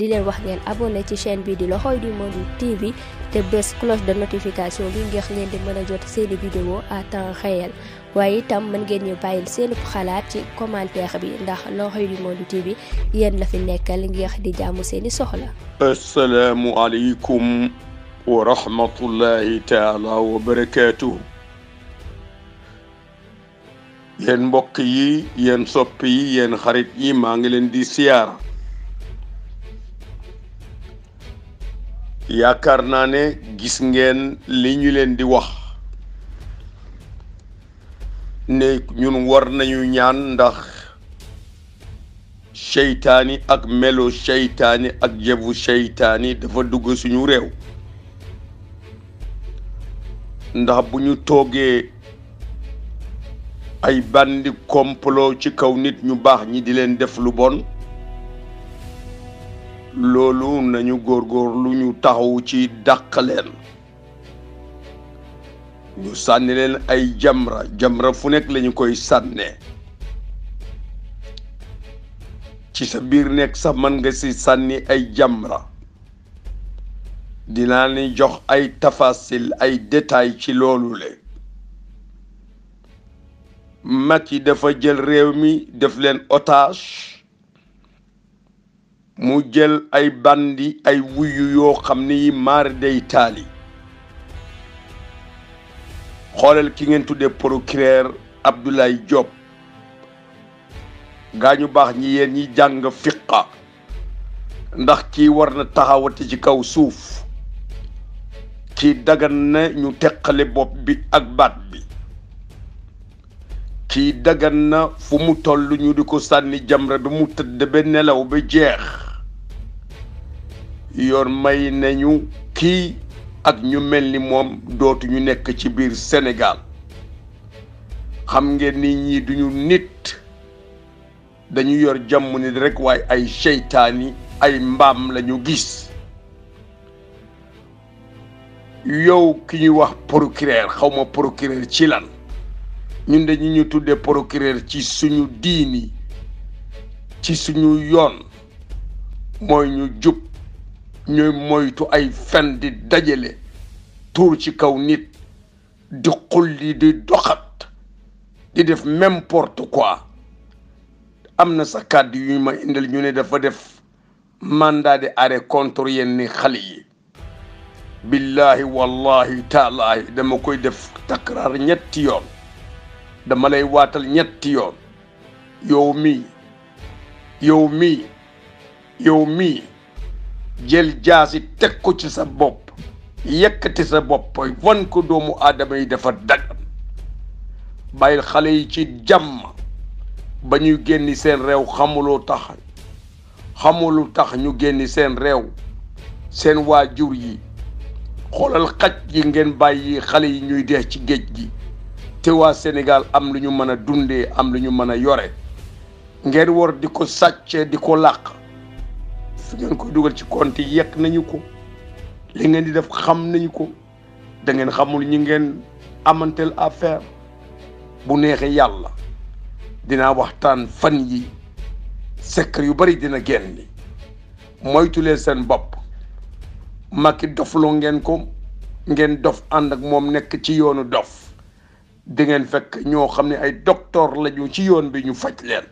di leen wax ngeen abonné ci chaîne bi di l'oreille du monde TV te bés cloche de notification bi ngir ngeen di mën a jot seeni vidéo à temps réel waaye itam mën ngeen ñu bàyyil seen xalaat ci commentaire bi ndax l'oreille du monde TV yéen la fi nekkal ngir di jaamu seeni soxla. asalaamu aleykum wa rahmatullahi taala wa mbokk yi yéen sopp yi yéen xarit yi maa ngi leen di siyaara. yaakaar naa ne gis ngeen li ñu leen di wax ne ñun war nañu ñaan ndax seytaani ak melo seytaani ak jëbu seytaani dafa dugg suñu réew ndax bu ñu toogee ay bandi complot ci kaw nit ñu baax ñi di leen def lu bon loolu nañu góor góor lu ñu taxawu ci dàq leen ñu sànni leen ay jamra jamra fu nekk lañu koy sànnee ci sa biir nekk sa man nga ci sànni ay jamra dinaa ni jox ay tafasil ay détail ci loolu le yi dafa jël réew mi def leen otage mu jël ay bandi ay wuyu yoo xam ne yi maari day taali xoolal ki ngeen tuddee procureur Abdoulaye Diop gaa ñu baax ñi yéen ñi jàng fiqa ndax kii war na taxawati ci kaw suuf kii dagan na ñu teqale bopp bi ak baat bi kii daggan na fu mu toll ñu di ko sànni jamre bi mu tëdd ba nelaw ba jeex yoon may nañu kii ak ñu mel ni moom dootu ñu nekk ci biir Sénégal xam ngeen ni ñii duñu nit dañu yor jàmm nit rek waaye ay seytaani ay mbaam lañu gis yow ki ñuy wax procureur xawma procureur ci lan ñun dañu ñu tuddee procureur ci suñu diini ci suñu yoon mooy ñu jub ñooy moytu ay fen di dajale tuur ci kaw nit di xulli di doxat di def n'importe quoi am na sax kàddu yu ma indil ñu ne dafa def mandat de arrêt contre yenn xale yi billahi wallahi taalaahi dama koy def takraar ñetti yoon dama lay watal ñetti yoon yow mii yow yow mii jël jaasi teg ko ci sa bopp yëkkati sa bopp wan ko doomu aadama yi dafa dagan bàyyil xale yi ci jàmm ba ñuy génni seen réew xamuloo tax tax ñu génni seen réew seen waajur yi xoolal xaj yi ngeen bàyyi xale yi ñuy dee ci géej gi te waa Sénégal am lu ñu mën a dundee am lu ñu mën a yore ngeen war di ko sàccee di ko làq su ngeen koy dugal ci compte yekk nañu ko li ngeen di def xam nañu ko da ngeen xamul ñi ngeen amantel affaire bu neexee yàlla dinaa waxtaan fan yi secret yu bari dina génn moytulee seen bopp makki dofloo ngeen ko ngeen dof ànd ak moom nekk ci yoonu dof di ngeen fekk ñoo xam ne ay docteur lañu ci yoon bi ñu faj leen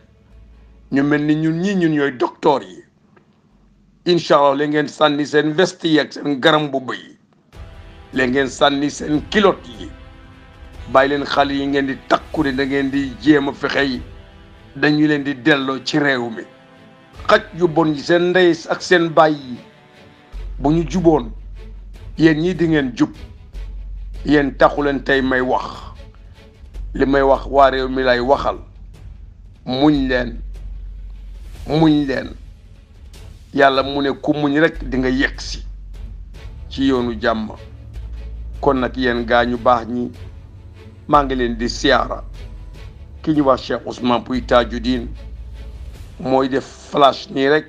ñu mel ni ñun ñi ñun ñooy docteur yi incha allah léegi ngeen sànni seen veste yi ak seen garam bu bëy léegi ngeen sànni seen kilote yi bàyyi leen xale yi ngeen di takku ne da ngeen di jéem a fexe yi dañu leen di delloo ci réew mi xaj yu bon yi seen ndey ak seen baay bu ñu juboon yéen ñii di ngeen jub yéen taxu leen tey may wax li may wax waa réew mi lay waxal muñ leen muñ leen yàlla mu ne ku muñ rek dinga nga yegg ci yoonu jàmm kon nag yéen gaa ñu baax ñi maa ngi leen di siyaara ki ñu wax Cheikh Ousmane Pouye Tadjidine mooy def flash nii rekk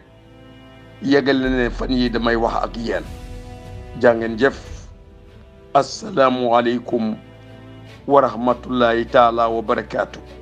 yeggal na ne fan yii damay wax ak yeen jàngeen jëf asalaamualeykum wa rahmatullahi taala wa barakaatu.